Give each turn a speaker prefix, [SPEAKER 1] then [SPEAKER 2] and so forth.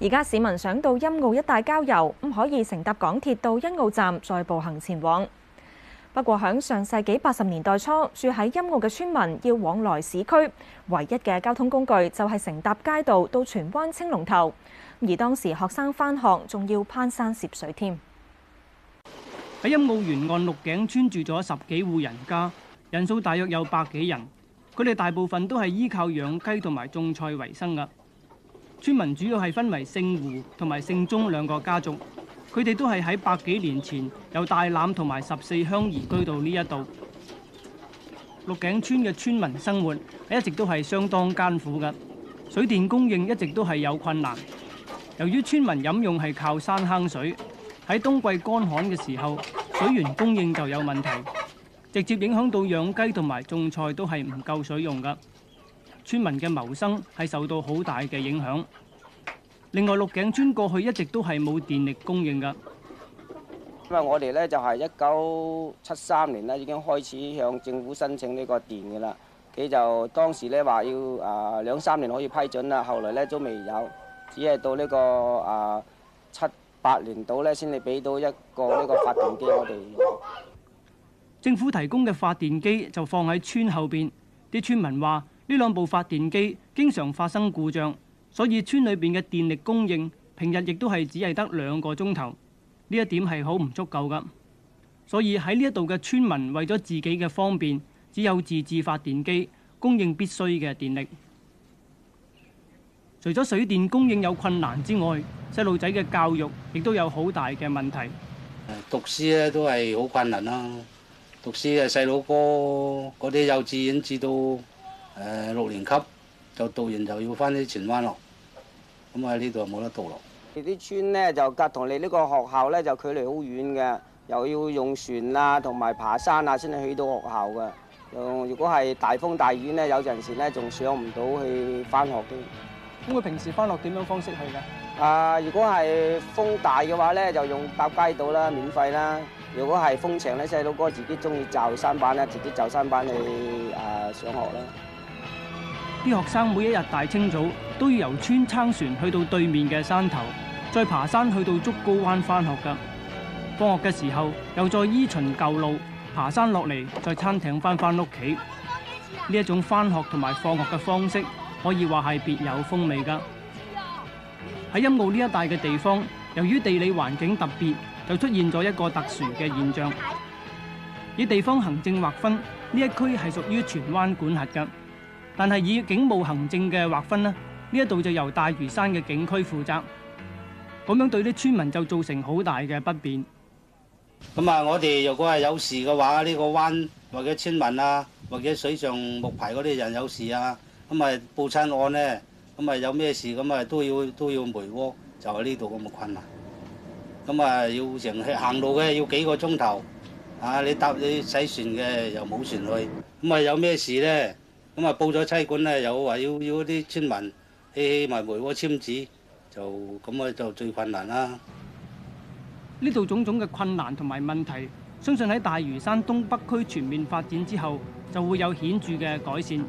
[SPEAKER 1] 而家市民想到陰澳一帶郊遊，咁可以乘搭港鐵到陰澳站，再步行前往。不過響上世紀八十年代初，住喺陰澳嘅村民要往來市區，唯一嘅交通工具就係乘搭街渡到荃灣青龍頭。而當時學生返學仲要攀山涉水添。
[SPEAKER 2] 喺
[SPEAKER 1] 陰澳沿岸鹿頸村住咗十幾戶人家，人數大約有百幾人。佢哋大部分都係依靠養雞同埋種菜為生㗎。村民主要係分為姓胡同埋姓鍾兩個家族，佢哋都係喺百幾年前由大欖同埋十四鄉移居到呢一度。鹿頸村嘅村民生活一直都係相當艱苦㗎，水電供應一直都係有困難。由於村民飲用係靠山坑水，喺冬季乾旱嘅時候，水源供應就有問題，直接影響到養雞同埋種菜都係唔夠水用㗎。村民嘅謀生係受到好大嘅影響。另外，鹿頸村過去一直都係冇電力供應㗎。
[SPEAKER 3] 因為我哋呢就係一九七三年呢已經開始向政府申請呢個電嘅啦，佢就當時呢話要啊兩三年可以批准啦，後來呢都未有，只係到呢個啊七八年度呢先至俾到一個呢個發電機。我哋
[SPEAKER 1] 政府提供嘅發電機就放喺村後邊，啲村民話。呢兩部發電機經常發生故障，所以村裏面嘅電力供應平日亦都係只係得兩個鐘頭。呢一點係好唔足夠噶，所以喺呢一度嘅村民為咗自己嘅方便，只有自製發電機供應必須嘅電力。除咗水電供應有困難之外，細路仔嘅教育亦都有好大嘅問題。
[SPEAKER 2] 讀書咧都係好困難啦。讀書啊細佬哥嗰啲幼稚園，甚至到。誒六年級就讀完就要翻啲荃灣落，咁啊，喺呢度冇得讀落。
[SPEAKER 3] 你啲村咧就隔同你呢個學校咧就距離好遠嘅，又要用船啊同埋爬山啊先至去到學校嘅。又如果係大風大雨咧，有陣時咧仲上唔到去翻學
[SPEAKER 1] 添。咁佢平時翻學點樣方式去嘅？
[SPEAKER 3] 啊、呃，如果係風大嘅話咧，就用搭街渡啦，免費啦。如果係風靜咧，細佬哥自己中意就山板咧，自己就山板去啊、呃、上學啦。
[SPEAKER 1] 啲學生每一日大清早都要由村撐船去到對面嘅山頭，再爬山去到竹篙灣翻學噶。放學嘅時候又再依循舊路爬山落嚟，再撐艇翻翻屋企。呢一種翻學同埋放學嘅方式，可以話係別有風味噶。喺陰澳呢一帶嘅地方，由於地理環境特別，就出現咗一個特殊嘅現象。以地方行政劃分，呢一區係屬於荃灣管轄噶。但係以警務行政嘅劃分呢，呢一度就由大嶼山嘅警區負責，咁樣對啲村民就造成好大嘅不便。
[SPEAKER 2] 咁啊，我哋如果係有事嘅話，呢個灣或者村民啊，或者水上木排嗰啲人有事啊，咁啊報親案呢，咁啊有咩事咁啊都要都要梅窩，就係呢度咁嘅困難。咁啊要成行路嘅要幾個鐘頭啊！你搭你洗船嘅又冇船去，咁啊有咩事呢？咁啊，報咗差館咧，又話要要啲村民起起埋梅窩簽字，就咁啊，就最困難啦。
[SPEAKER 1] 呢度種種嘅困難同埋問題，相信喺大嶼山東北區全面發展之後，就會有顯著嘅改善。